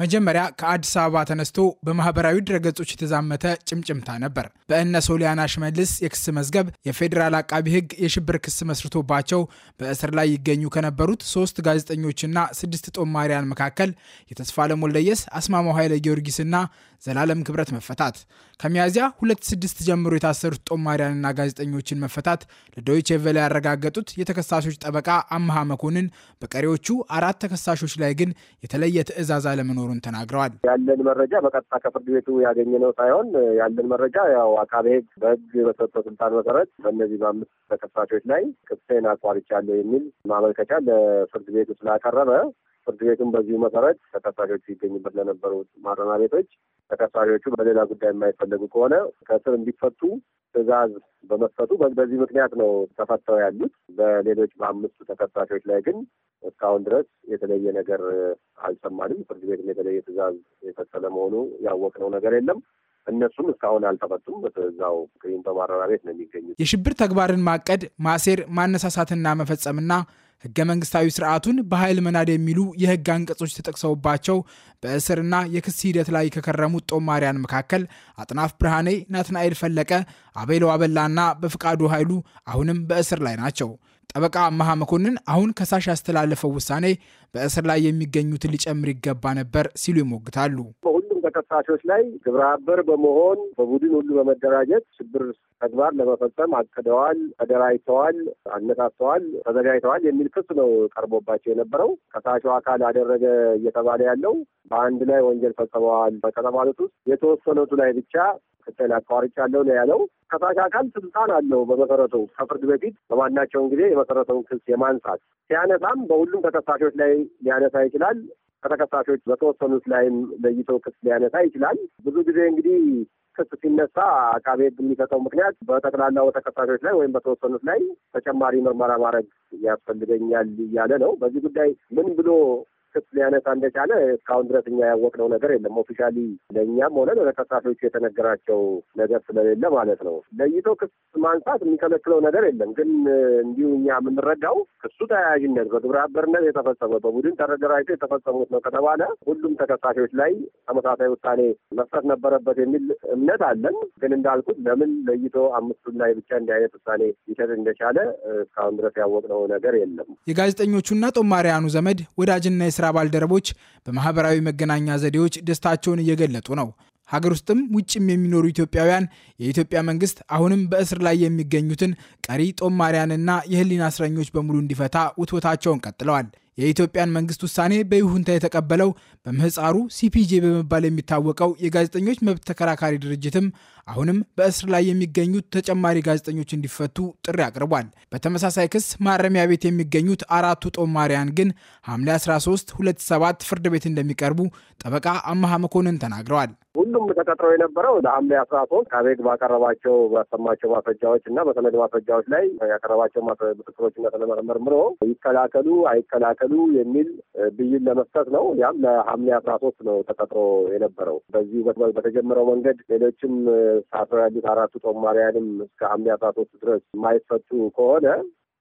መጀመሪያ ከአዲስ አበባ ተነስቶ በማህበራዊ ድረገጾች የተዛመተ ጭምጭምታ ነበር። በእነ ሶሊያና ሽመልስ የክስ መዝገብ የፌዴራል አቃቢ ሕግ የሽብር ክስ መስርቶባቸው በእስር ላይ ይገኙ ከነበሩት ሶስት ጋዜጠኞችና ስድስት ጦማሪያን መካከል የተስፋለም ወልደየስ፣ አስማማው ኃይለ ጊዮርጊስና ዘላለም ክብረት መፈታት፣ ከሚያዚያ 26 ጀምሮ የታሰሩት ጦማሪያንና ጋዜጠኞችን መፈታት ለዶይቼ ቬለ ያረጋገጡት የተከሳሾች ጠበቃ አመሃ መኮንን በቀሪዎቹ አራት ተከሳሾች ላይ ግን የተለየ ትዕዛዝ አለመኖሩ መኖሩን ተናግረዋል። ያለን መረጃ በቀጥታ ከፍርድ ቤቱ ያገኘነው ሳይሆን ያለን መረጃ ያው አቃቤ ሕግ በሕግ በተሰጠው ስልጣን መሰረት በእነዚህ በአምስት ተከሳሾች ላይ ክሴን አቋርጫለሁ የሚል ማመልከቻ ለፍርድ ቤቱ ስላቀረበ ፍርድ ቤቱን በዚሁ መሰረት ተከሳሾቹ ይገኙበት ለነበሩት ማረሚያ ቤቶች ተከሳሾቹ በሌላ ጉዳይ የማይፈለጉ ከሆነ ከእስር እንዲፈቱ ትዕዛዝ በመስጠቱ በዚህ ምክንያት ነው ተፈተው ያሉት። በሌሎች በአምስቱ ተከሳሾች ላይ ግን እስካሁን ድረስ የተለየ ነገር አልሰማንም። ፍርድ ቤትም የተለየ ትዕዛዝ የሰጠ ለመሆኑ ያወቅነው ነገር የለም። እነሱም እስካሁን አልተፈቱም። በዛው በማረሚያ ቤት ነው የሚገኙት። የሽብር ተግባርን ማቀድ፣ ማሴር፣ ማነሳሳትና መፈጸምና ህገ መንግስታዊ ስርዓቱን በኃይል መናድ የሚሉ የህግ አንቀጾች ተጠቅሰውባቸው በእስርና የክስ ሂደት ላይ ከከረሙት ጦማሪያን መካከል አጥናፍ ብርሃኔ፣ ናትናኤል ፈለቀ፣ አቤሎ አበላና በፍቃዱ ኃይሉ አሁንም በእስር ላይ ናቸው። ጠበቃ አመሃ መኮንን አሁን ከሳሽ ያስተላለፈው ውሳኔ በእስር ላይ የሚገኙትን ሊጨምር ይገባ ነበር ሲሉ ይሞግታሉ። ተከሳሾች ላይ ግብረ አበር በመሆን በቡድን ሁሉ በመደራጀት ሽብር ተግባር ለመፈጸም አቅደዋል፣ ተደራጅተዋል፣ አነሳስተዋል፣ ተዘጋጅተዋል የሚል ክስ ነው ቀርቦባቸው የነበረው። ከሳሹ አካል አደረገ እየተባለ ያለው በአንድ ላይ ወንጀል ፈጽመዋል ከተባሉት ውስጥ የተወሰኑቱ ላይ ብቻ ክስን አቋርጫለሁ ነው ያለው። ከሳሽ አካል ስልጣን አለው በመሰረቱ ከፍርድ በፊት በማናቸውን ጊዜ የመሰረተውን ክስ የማንሳት ሲያነሳም በሁሉም ተከሳሾች ላይ ሊያነሳ ይችላል። ከተከሳሾች በተወሰኑት ላይም ለይቶ ክስ ሊያነሳ ይችላል። ብዙ ጊዜ እንግዲህ ክስ ሲነሳ አቃቤ ሕግ የሚሰጠው ምክንያት በጠቅላላው ተከሳሾች ላይ ወይም በተወሰኑት ላይ ተጨማሪ ምርመራ ማድረግ ያስፈልገኛል እያለ ነው። በዚህ ጉዳይ ምን ብሎ ክስ ሊያነሳ እንደቻለ እስካሁን ድረስ እኛ ያወቅነው ነገር የለም። ኦፊሻሊ ለእኛም ሆነ ለተከሳሾቹ የተነገራቸው ነገር ስለሌለ ማለት ነው። ለይቶ ክስ ማንሳት የሚከለክለው ነገር የለም። ግን እንዲሁ እኛ የምንረዳው ክሱ ተያያዥነት በግብረ አበርነት የተፈጸመ በቡድን ተደራጅቶ የተፈጸሙት ነው ከተባለ ሁሉም ተከሳሾች ላይ ተመሳሳይ ውሳኔ መስጠት ነበረበት የሚል እምነት አለን። ግን እንዳልኩት ለምን ለይቶ አምስቱን ላይ ብቻ እንዲህ አይነት ውሳኔ ሊሰጥ እንደቻለ እስካሁን ድረስ ያወቅነው ነገር የለም። የጋዜጠኞቹና ጦማሪያኑ ዘመድ ወዳጅና የስራ ባል ባልደረቦች በማህበራዊ መገናኛ ዘዴዎች ደስታቸውን እየገለጡ ነው። ሀገር ውስጥም ውጭም የሚኖሩ ኢትዮጵያውያን የኢትዮጵያ መንግስት አሁንም በእስር ላይ የሚገኙትን ቀሪ ጦማሪያንና የህሊና እስረኞች በሙሉ እንዲፈታ ውትወታቸውን ቀጥለዋል። የኢትዮጵያን መንግስት ውሳኔ በይሁንታ የተቀበለው በምህፃሩ ሲፒጄ በመባል የሚታወቀው የጋዜጠኞች መብት ተከራካሪ ድርጅትም አሁንም በእስር ላይ የሚገኙት ተጨማሪ ጋዜጠኞች እንዲፈቱ ጥሪ አቅርቧል። በተመሳሳይ ክስ ማረሚያ ቤት የሚገኙት አራቱ ጦማሪያን ግን ሐምሌ 13 27 ፍርድ ቤት እንደሚቀርቡ ጠበቃ አመሃ መኮንን ተናግረዋል። ሁሉም ተቀጥረው የነበረው ለሐምሌ አስራ ሶስት ከቤግ ባቀረባቸው ባሰማቸው ማስረጃዎች እና በሰነድ ማስረጃዎች ላይ ያቀረባቸው ምስክሮችና ተለመረ ይከላከሉ አይከላከሉ ይቀበሉ የሚል ብይን ለመስጠት ነው። ያም ለሐምሌ አስራ ሶስት ነው ተቀጥሮ የነበረው። በዚሁ በተጀመረው መንገድ ሌሎችም ታስረው ያሉት አራቱ ጦማሪያንም እስከ ሐምሌ አስራ ሶስት ድረስ የማይፈቱ ከሆነ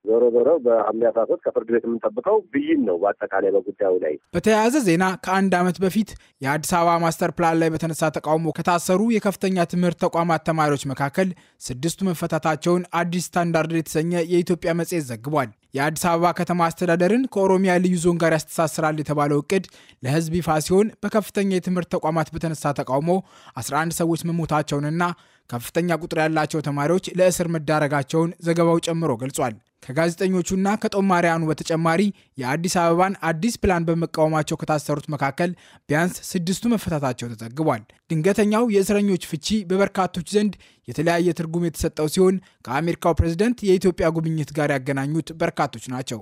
ዞሮ ዞሮ በሐምሌ አስራ ሶስት ከፍርድ ቤት የምንጠብቀው ብይን ነው። በአጠቃላይ በጉዳዩ ላይ በተያያዘ ዜና ከአንድ ዓመት በፊት የአዲስ አበባ ማስተር ፕላን ላይ በተነሳ ተቃውሞ ከታሰሩ የከፍተኛ ትምህርት ተቋማት ተማሪዎች መካከል ስድስቱ መፈታታቸውን አዲስ ስታንዳርድ የተሰኘ የኢትዮጵያ መጽሔት ዘግቧል። የአዲስ አበባ ከተማ አስተዳደርን ከኦሮሚያ ልዩ ዞን ጋር ያስተሳስራል የተባለው እቅድ ለሕዝብ ይፋ ሲሆን በከፍተኛ የትምህርት ተቋማት በተነሳ ተቃውሞ 11 ሰዎች መሞታቸውንና ከፍተኛ ቁጥር ያላቸው ተማሪዎች ለእስር መዳረጋቸውን ዘገባው ጨምሮ ገልጿል። ከጋዜጠኞቹና ከጦማሪያኑ በተጨማሪ የአዲስ አበባን አዲስ ፕላን በመቃወማቸው ከታሰሩት መካከል ቢያንስ ስድስቱ መፈታታቸው ተዘግቧል። ድንገተኛው የእስረኞች ፍቺ በበርካቶች ዘንድ የተለያየ ትርጉም የተሰጠው ሲሆን ከአሜሪካው ፕሬዝደንት የኢትዮጵያ ጉብኝት ጋር ያገናኙት በርካቶች ናቸው።